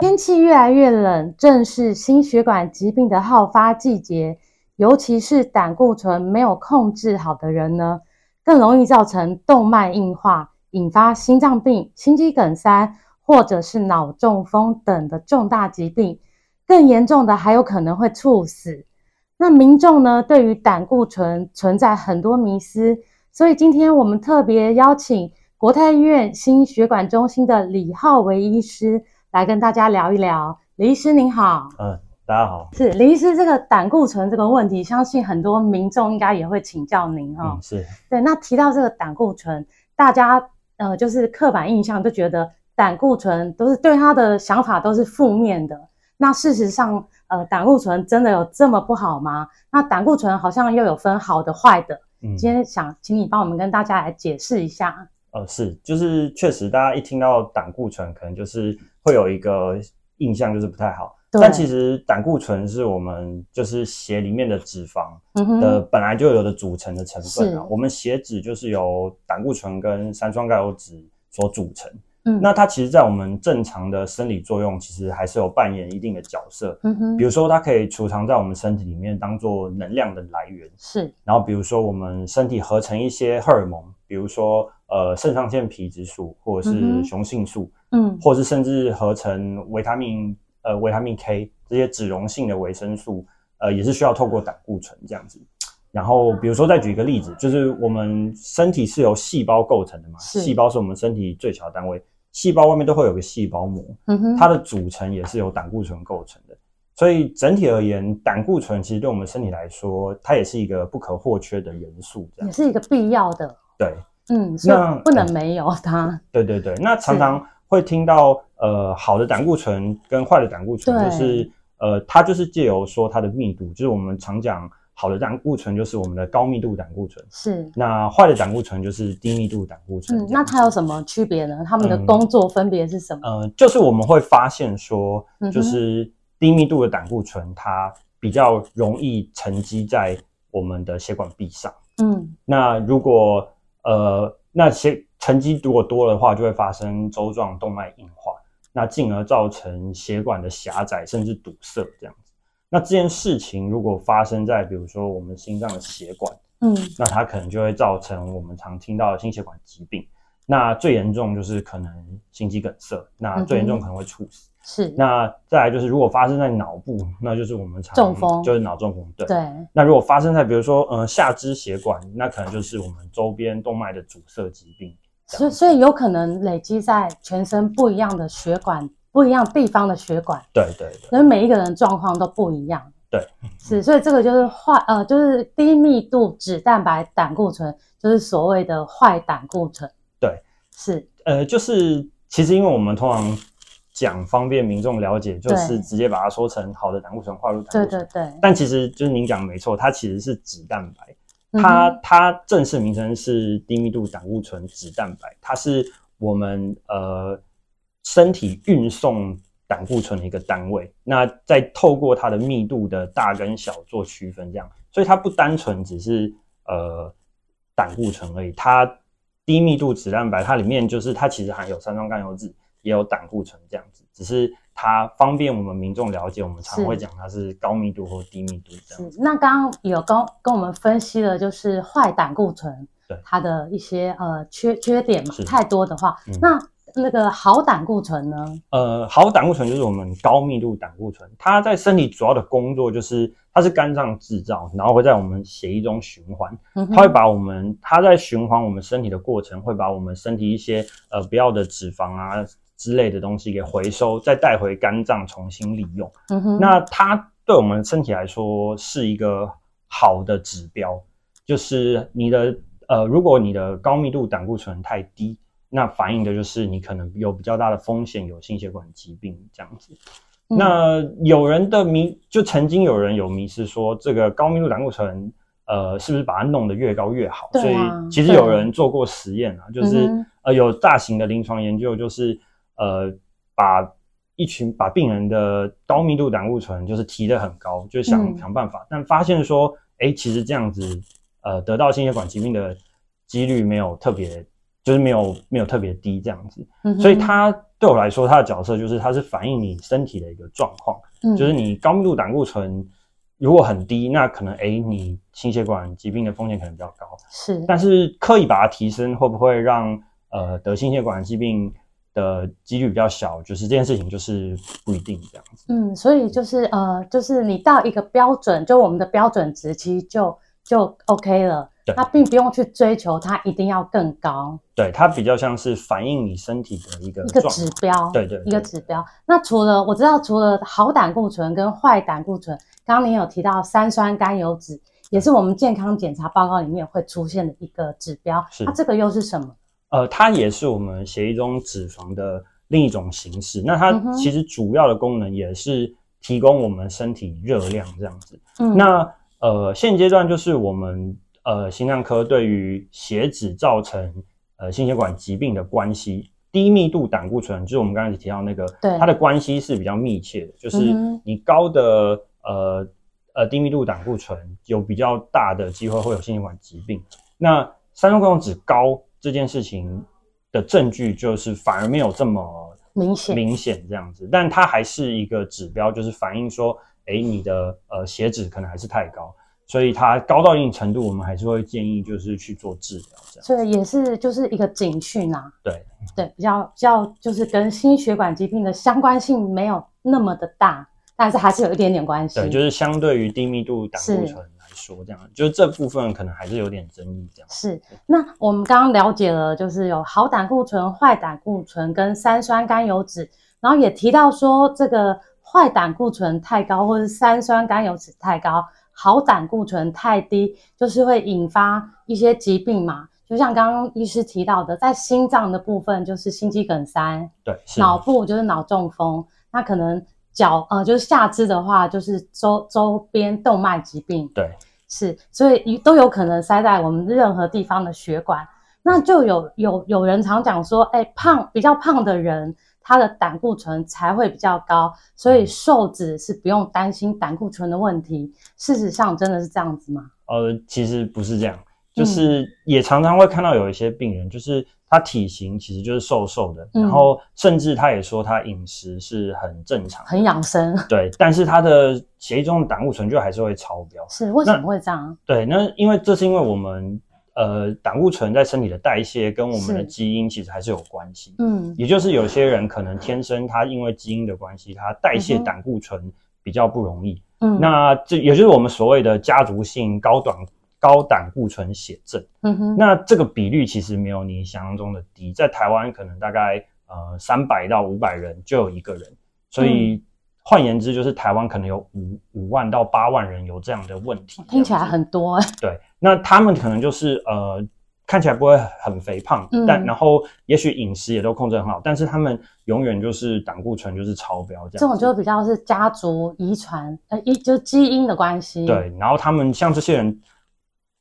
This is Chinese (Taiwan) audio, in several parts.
天氣越來越冷，正是心血管疾病的好發季節，尤其是膽固醇沒有控制好的人呢，更容易造成動脈硬化，引發心臟病、心肌梗塞，或者是腦中風等的重大疾病。更嚴重的還有可能會猝死。那民眾呢，對於膽固醇存在很多迷思，所以今天我們特別邀請國泰醫院心血管中心的李浩維醫師。來跟大家聊一聊，李醫師您好。嗯、呃，大家好，是李醫師。這個膽固醇這個問題，相信很多民眾應該也會請教您哈、哦嗯。是。對，那提到這個膽固醇，大家呃，就是刻板印象就覺得膽固醇都是對他的想法都是負面的。那事實上，呃，膽固醇真的有這麼不好嗎？那膽固醇好像又有分好的壞的。嗯，今天想請你幫我們跟大家來解釋一下。呃，是，就是確實，大家一聽到膽固醇，可能就是。會有一個印象就是不太好，對但其實膽固醇是我們就是血裡面的脂肪的、嗯、哼本來就有的組成的成分啊。是我們血脂就是由膽固醇跟三酸甘油酯所組成。嗯，那它其實，在我們正常的生理作用，其實還是有扮演一定的角色。嗯哼比如說它可以儲藏在我們身體裡面，當做能量的來源。是，然後比如說我們身體合成一些荷爾蒙，比如說呃，腎上腺皮質素或者是雄性素。嗯嗯，或是甚至合成維他命，呃，維他命 K 這些脂溶性的維生素，呃，也是需要透過膽固醇這樣子。然後，比如說再舉一個例子，就是我們身體是由細胞構成的嘛，細是胞是我們身體最小的單位，細胞外面都會有個細胞膜，它的組成也是由膽固醇構成的。嗯、哼所以整體而言，膽固醇其實對我們身體來說，它也是一個不可或缺的元素，這樣也是一個必要的，對，嗯，那不能沒有它。呃、對，對對對，那常常。會聽到呃好的膽固醇跟壞的膽固醇，就是對呃它就是借由說它的密度，就是我們常講好的膽固醇就是我們的高密度膽固醇，是。那壞的膽固醇就是低密度膽固醇。嗯，那它有什麼區別呢？它們的工作分別是什麼？嗯，呃，就是我們會發現說，就是低密度的膽固醇它比較容易沉積在我們的血管壁上。嗯，那如果呃那血。沉積如果多的話，就會發生粥狀動脈硬化，那進而造成血管的狹窄甚至堵塞。這樣子，那這件事情如果發生在，比如說我們心臟的血管，嗯，那它可能就會造成我們常聽到的心血管疾病。那最嚴重就是可能心肌梗塞，那最嚴重可能會猝死。嗯、是。那再來就是如果發生在腦部，那就是我們常就是腦中風。中風對。對，那如果發生在比如說，嗯、呃，下肢血管，那可能就是我們周邊動脈的阻塞疾病。所以，所以有可能累積在全身不一樣的血管，不一樣地方的血管。對對對。所以每一個人狀況都不一樣。對。是，所以這個就是壞呃，就是低密度脂蛋白膽固醇，就是所謂的壞膽固醇。對，是。呃，就是其實因為我們通常講方便民眾了解，就是直接把它說成好的膽固醇、壞入膽固醇。對對對。但其實就是您講的沒錯，它其實是脂蛋白。它它正式名稱是低密度膽固醇脂蛋白，它是我們呃身體運送膽固醇的一個單位。那再透過它的密度的大跟小做區分，這樣，所以它不單純只是呃膽固醇而已，它低密度脂蛋白它裡面就是它其實含有三酸甘油酯。也有膽固醇這樣子，只是它方便我們民眾了解，我們常會講它是高密度或低密度這樣。那剛剛有跟跟我們分析了，就是壞膽固醇，對它的一些呃缺缺點嘛，是太多的話，嗯、哼那那個好膽固醇呢？呃，好膽固醇就是我們高密度膽固醇，它在身體主要的工作就是它是肝臟製造，然後會在我們血液中循環，嗯、哼它會把我們它在循環我們身體的過程，會把我們身體一些呃不要的脂肪啊。之類的東西給回收，再帶回肝臟重新利用。嗯、哼那它對我們的身體來說是一個好的指標，就是你的呃，如果你的高密度膽固醇太低，那反映的就是你可能有比較大的風險，有心血管疾病這樣子。嗯、那有人的迷就曾經有人有迷思說，這個高密度膽固醇呃，是不是把它弄得越高越好？啊、所以其實有人做過實驗啊，對就是、嗯、哼呃有大型的臨床研究，就是。呃，把一群把病人的高密度膽固醇就是提得很高，就是想想辦法，嗯、但發現說，哎、欸，其實這樣子，呃，得到心血管疾病的幾率沒有特別，就是沒有沒有特別低這樣子。嗯哼。所以他對我來說，他的角色就是他是反映你身體的一個狀況，嗯、就是你高密度膽固醇如果很低，那可能誒、欸、你心血管疾病的風險可能比較高。是。但是刻意把它提升，會不會讓呃得心血管疾病？的幾率比較小，就是這件事情就是不一定這樣子。嗯，所以就是呃，就是你到一個標準，就我們的標準值其實就就 OK 了。對，那並不用去追求它一定要更高。對，它比較像是反映你身體的一個一個指標。對,對對，一個指標。那除了我知道，除了好膽固醇跟壞膽固醇，剛剛你有提到三酸甘油脂，也是我們健康檢查報告裡面會出現的一個指標。是。那、啊、這個又是什麼？呃，它也是我們血液中脂肪的另一種形式。嗯、哼那它其實主要的功能也是提供我們身體熱量這樣子。嗯。那呃，現階段就是我們呃心臟科對於血脂造成呃心血管疾病的關係，低密度膽固醇就是我們剛才提到那個，對，它的關係是比較密切的。就是你高的呃呃低密度膽固醇有比較大的機會會有心血管疾病。那三酸甘油酯高。這件事情的證據就是反而沒有這麼明顯明顯，明顯這樣子，但它還是一個指標，就是反映說，哎，你的呃血脂可能還是太高，所以它高到一定程度，我們還是會建議就是去做治療。這樣子，對，也是就是一個警訊啊。對對，比較比較就是跟心血管疾病的相關性沒有那麼的大，但是還是有一點點關係。對，就是相對於低密度膽固醇。說這樣，就是這部分可能還是有點爭議。這樣是那我們剛剛了解了，就是有好膽固醇、壞膽固醇跟三酸甘油酯，然後也提到說，這個壞膽固醇太高，或是三酸甘油酯太高，好膽固醇太低，就是會引發一些疾病嘛？就像剛剛醫師提到的，在心臟的部分就是心肌梗塞，對，腦部就是腦中風，那可能腳呃就是下肢的話就是周周邊動脈疾病，對。是，所以都有可能塞在我們任何地方的血管，那就有有有人常講說，欸，胖比較胖的人，他的膽固醇才會比較高，所以瘦子是不用擔心膽固醇的問題。嗯。事實上，真的是這樣子嗎？呃，其實不是這樣，就是也常常會看到有一些病人，就是。他體型其實就是瘦瘦的，嗯、然後甚至他也說他飲食是很正常的，很養生。對，但是他的血液中的膽固醇就還是會超標。是，為什麼那會這樣？對，那因為這是因為我們呃，膽固醇在身體的代謝跟我們的基因其實還是有關係。嗯，也就是有些人可能天生他因為基因的關係，他代謝膽固醇比較不容易。嗯，那這也就是我們所謂的家族性高膽固高膽固醇血症，嗯、哼那這個比率，其實沒有你想象中的低，在台灣可能大概呃三百到五百人就有一個人，所以、嗯、換言之，就是台灣可能有五五萬到八萬人有這樣的問題。聽起來很多耶。對，那他們可能就是呃看起來不會很肥胖，嗯、但然後也許飲食也都控制很好，但是他們永遠就是膽固醇就是超標這樣，這種就比較是家族遺傳呃遺就是基因的關係，對，然後他們像這些人。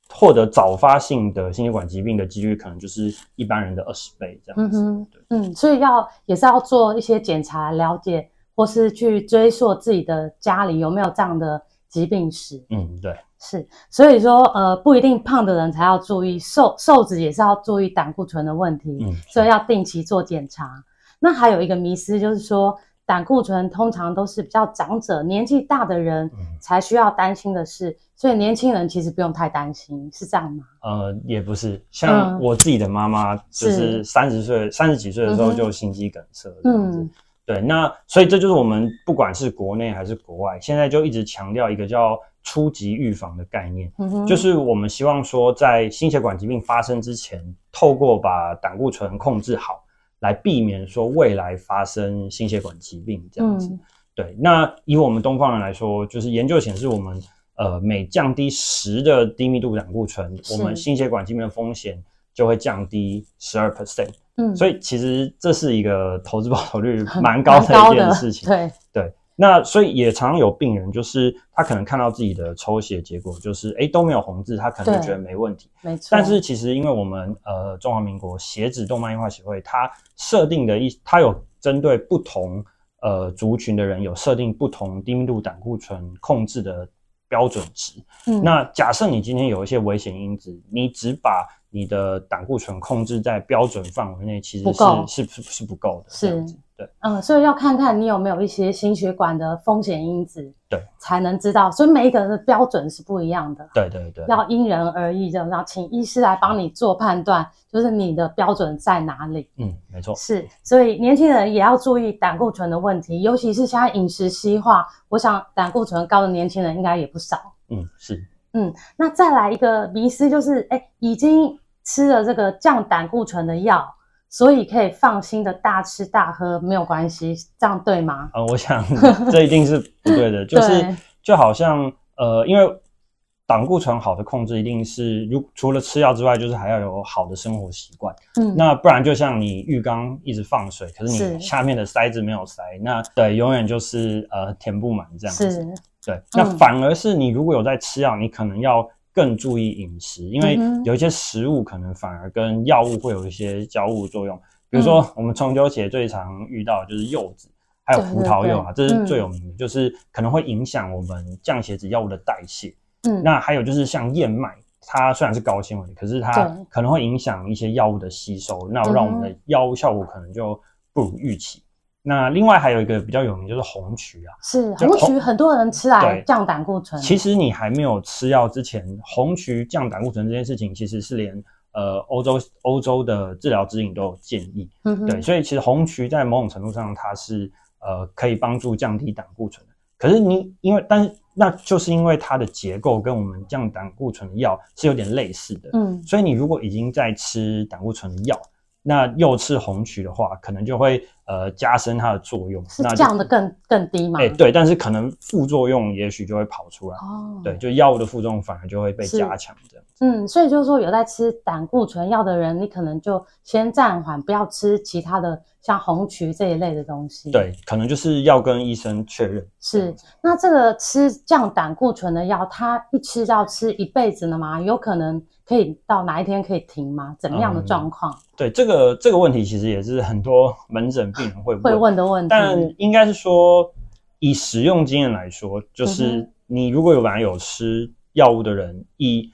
獲得早發性的心血管疾病的幾率，可能就是一般人的二十倍這樣子。嗯哼，嗯，所以要也是要做一些檢查，了解，或是去追溯自己的家裡有沒有這樣的疾病史。嗯，對，是，所以說，呃，不一定胖的人才要注意，瘦，瘦子也是要注意膽固醇的問題。嗯，所以要定期做檢查。那還有一個迷思就是說，膽固醇通常都是比較長者、年紀大的人才需要擔心的事，嗯、所以年輕人其實不用太擔心，是這樣嗎？呃，也不是，像我自己的媽媽，就是三十歲、三十、嗯、三十幾歲的時候就心肌梗塞這樣子。嗯嗯、對，那所以這就是我們不管是國內還是國外，現在就一直強調一個叫初級預防的概念，嗯、哼就是我們希望說在心血管疾病發生之前，透過把膽固醇控制好。來避免說未來發生心血管疾病這樣子，嗯、對。那以我們東方人來說，就是研究顯示，我們呃每降低十的低密度膽固醇，是我們心血管疾病的風險就會降低十二 percent。嗯，所以其實這是一個投資報酬率蠻高的一件事情。對對。那所以也常有病人，就是他可能看到自己的抽血結果，就是誒都沒有紅字，他可能就覺得沒問題。沒錯。但是其實，因為我們呃中華民國血脂動脈硬化協會，它設定的一，它有針對不同呃族群的人，有設定不同低密度膽固醇控制的標準值。嗯。那假設你今天有一些危險因子，你只把你的膽固醇控制在標準範圍內，其實是，不夠，是不，是不夠的。是。對嗯，所以要看看你有沒有一些心血管的風險因子，對，才能知道。對所以每一個人的標準是不一樣的，對對對，要因人而異，就然後請醫師來幫你做判斷，就是你的標準在哪裡。嗯，沒錯，是。所以年輕人也要注意膽固醇的問題，尤其是現在飲食西化，我想膽固醇高的年輕人應該也不少。嗯，是。嗯，那再來一個迷思就是，哎、欸，已經吃了這個降膽固醇的藥。所以可以放心的大吃大喝沒有關係，這樣對嗎？呃、我想這一定是不對的， 就是對就好像呃，因為膽固醇好的控制一定是如除了吃藥之外，就是還要有好的生活習慣。嗯，那不然就像你浴缸一直放水，可是你下面的塞子沒有塞，是那對永遠就是呃填不滿這樣子。是，對，嗯、那反而是你如果有在吃藥，你可能要，更注意飲食，因為有一些食物可能反而跟藥物會有一些交互作用。嗯、比如說，我們從灸鞋最常遇到的就是柚子，還有葡萄柚啊，對對對，這是最有名的，嗯、就是可能會影響我們降血脂藥物的代謝。嗯，那還有就是像燕麥，它雖然是高纖維，可是它可能會影響一些藥物的吸收，對那讓我們的藥物效果可能就不如預期。嗯那另外還有一個比較有名就是紅曲啊，是紅曲，紅很多人吃來降膽對固醇。其實你還沒有吃藥之前，紅曲降膽固醇這件事情，其實是連呃歐洲歐洲的治療指引都有建議。嗯哼，對，所以其實紅曲在某種程度上，它是呃可以幫助降低膽固醇的。可是你因為，但那就是因為它的結構跟我們降膽固醇的藥是有點類似的。嗯，所以你如果已經在吃膽固醇的藥，那又吃紅曲的話，可能就會。呃，加深它的作用，是降的更就更，更低嗎？哎、欸，對，但是可能副作用也許就會跑出來。哦，對，就藥物的副作用反而就會被加強這樣。嗯，所以就是說有在吃膽固醇藥的人，你可能就先暫緩，不要吃其他的像紅麴這一類的東西。對，可能就是要跟醫生確認。是，那這個吃降膽固醇的藥，它一吃要吃一輩子了嗎？有可能可以到哪一天可以停嗎？怎樣的狀況、嗯？對，這個這個問題其實也是很多門診。會問，會問的問題，但應該是說，以使用經驗來說，就是你如果有本來有吃藥物的人，嗯、哼一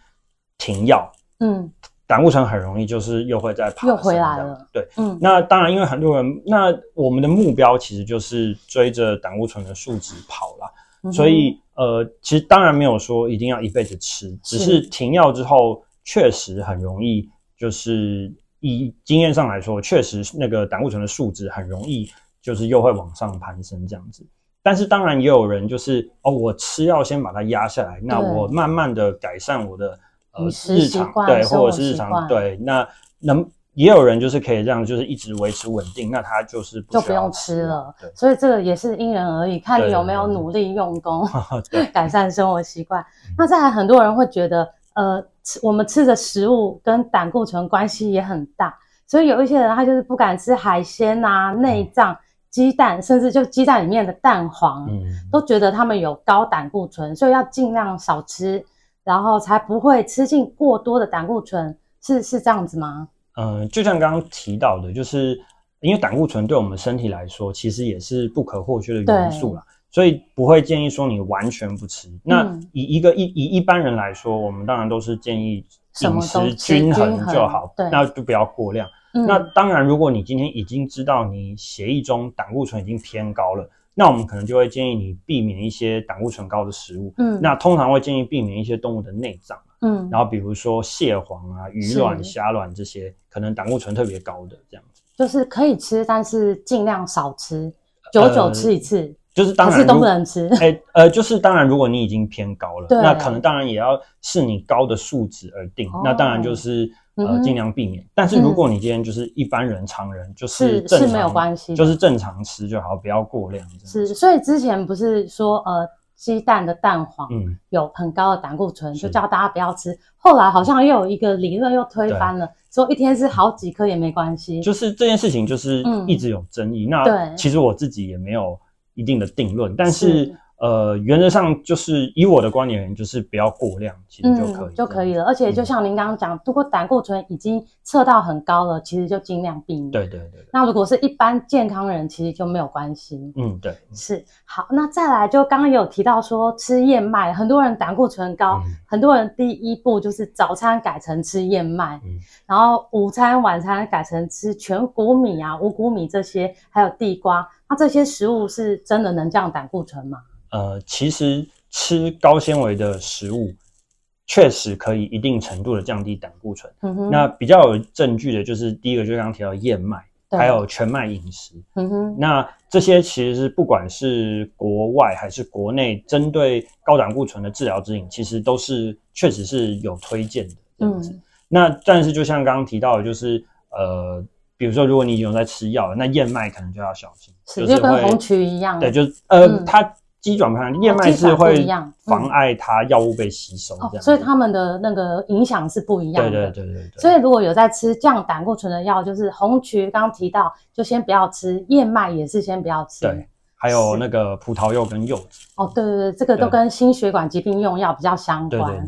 停藥，嗯，膽固醇很容易就是又會再跑，又回來了。對，嗯，那當然，因為很多人，那我們的目標其實就是追着膽固醇的數值跑了，嗯、哼所以呃，其實當然沒有說一定要一輩子吃，是只是停藥之後確實很容易就是。以經驗上來說，確實那個膽固醇的數值很容易就是又會往上攀升這樣子。但是當然也有人就是哦，我吃藥先把它壓下來，那我慢慢的改善我的呃對日常食對，或者是日常對，那能也有人就是可以這樣，就是一直維持穩定，那他就是不就不用吃了。對所以這個也是因人而異，看你有沒有努力用功對 對改善生活習慣。那再來很多人會覺得。呃，吃我們吃的食物跟膽固醇關係也很大，所以有一些人他就是不敢吃海鮮吶、啊、內臟、雞蛋，甚至就雞蛋裡面的蛋黃，嗯，都覺得他們有高膽固醇，所以要盡量少吃，然後才不會吃進過多的膽固醇，是是這樣子嗎？嗯、呃，就像剛剛提到的，就是因為膽固醇對我們身體來說，其實也是不可或缺的元素啦。所以不會建議說你完全不吃。那以一個一、嗯、以，以一般人來說，我們當然都是建議飲食均衡就好，對，那就不要過量。嗯、那當然，如果你今天已經知道你血液中膽固醇已經偏高了，那我們可能就會建議你避免一些膽固醇高的食物。嗯，那通常會建議避免一些動物的內臟，嗯，然後比如說蟹黃啊、魚卵、蝦是卵這些可能膽固醇特別高的這樣子。就是可以吃，但是儘量少吃，久久吃一次。呃就是當然都不能吃，哎，呃，就是當然，如果你已經偏高了，那可能當然也要視你高的數值而定。那當然就是呃，盡量避免。但是如果你今天就是一般人常人，就是是沒有關係，就是正常吃就好，不要過量。是，所以之前不是說呃，雞蛋的蛋黃有很高的膽固醇，就叫大家不要吃。後來好像又有一個理論又推翻了，說一天吃好幾顆也沒關係。就是這件事情就是一直有爭議。那其實我自己也沒有。一定的定論，但是，呃，原則上就是以我的觀點，就是不要過量，其實就可以、嗯、就可以了。而且就像您剛剛講，嗯、如果膽固醇已經測到很高了，其實就盡量避免。對，對對對。那如果是一般健康人，其實就沒有關係。嗯，對，是好。那再來，就剛剛有提到說吃燕麥，很多人膽固醇高，嗯、很多人第一步就是早餐改成吃燕麥，嗯、然後午餐、晚餐改成吃全穀米啊、五穀米這些，還有地瓜。那這些食物是真的能降膽固醇嗎？呃，其實吃高纖維的食物確實可以一定程度的降低膽固醇。嗯、哼那比較有證據的就是第一個，就剛剛提到燕麥，對還有全麥飲食。嗯、哼那這些其實是不管是國外還是國內，針、嗯、哼對高膽固醇的治療指引，其實都是確實是有推薦的。對對嗯、那但是就像剛剛提到的，就是呃，比如說如果你已經在吃藥了，那燕麥可能就要小心，是就是會，就跟紅麴一樣。對，就是呃，嗯、它。基本上，燕麥是會妨礙它藥物被吸收。哦，所以它們的那個影響是不一樣的。對對對，對，對，對所以如果有在吃降膽固醇的藥，就是紅麴，剛提到，就先不要吃燕麥，也是先不要吃。對，還有那個葡萄柚跟柚子。哦，對對對，這個都跟心血管疾病用藥比較相關。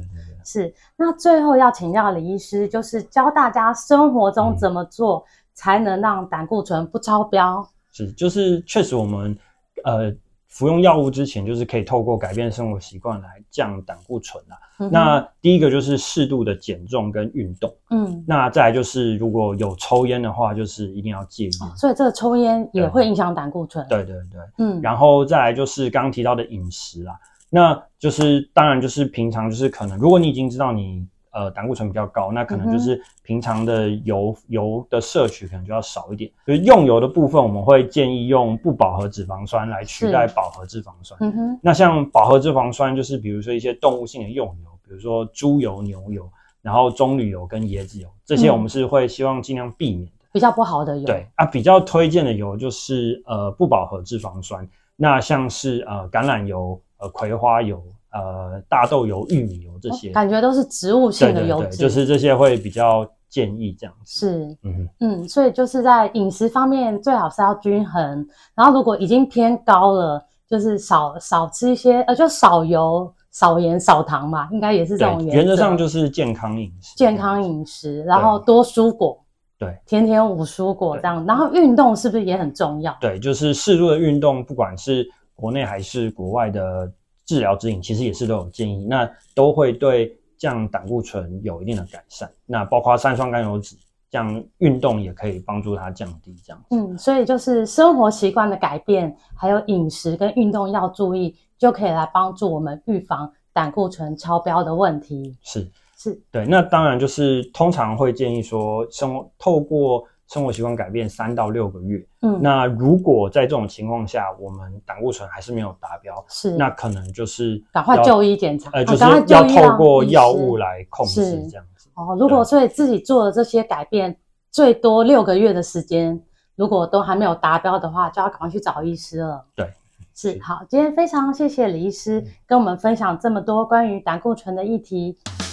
是，那最後要請教李醫師，就是教大家生活中怎麼做才能讓膽固醇不超標？嗯、是，就是確實我們呃。服用藥物之前，就是可以透過改變生活習慣來降膽固醇啦、啊。嗯、哼那第一個就是適度的減重跟運動。嗯，那再來就是如果有抽菸的話，就是一定要戒菸。所以這個抽菸也會影響膽固醇、啊，對。對對對，嗯，然後再來就是剛剛提到的飲食啦、啊。那就是當然就是平常就是可能，如果你已經知道你。呃，膽固醇比較高，那可能就是平常的油，嗯哼，油的攝取可能就要少一點。就是用油的部分，我們會建議用不飽和脂肪酸來取代飽和脂肪酸。嗯哼。那像飽和脂肪酸，就是比如說一些動物性的用油，比如說豬油、牛油，然後棕櫚油跟椰子油，這些我們是會希望盡量避免的、嗯。比較不好的油。對啊，比較推薦的油就是呃不飽和脂肪酸。那像是呃橄欖油、呃葵花油。呃，大豆油、玉米油這些，哦，感覺都是植物性的油脂。對對對，就是這些會比較建議這樣子。是，嗯嗯，所以就是在飲食方面，最好是要均衡。然後如果已經偏高了，就是少少吃一些，呃，就少油、少鹽、少糖嘛，應該也是這種原則上就是健康飲食。健康飲食，然後多蔬果，對，對天天五蔬果這樣。對然後運動是不是也很重要？對，就是適度的運動，不管是國內還是國外的。治療指引其實也是都有建議，那都會對降膽固醇有一定的改善。那包括三酸甘油酯，這樣運動也可以幫助它降低。這樣子，嗯，所以就是生活習慣的改變，還有飲食跟運動要注意，就可以來幫助我們預防膽固醇超標的問題。是是，是對，那當然就是通常會建議說，生活透過。生活習慣改變三到六個月，嗯，那如果在這種情況下，我們膽固醇還是沒有達標，是，那可能就是趕快就醫檢查，呃啊、就是要透過藥物來控制這樣子。啊。哦，如果所以自己做的這些改變，最多六個月的時間，如果都還沒有達標的話，就要趕快去找醫師了。對，是，是。好，今天非常謝謝李醫師跟我們分享這麼多關於膽固醇的議題。嗯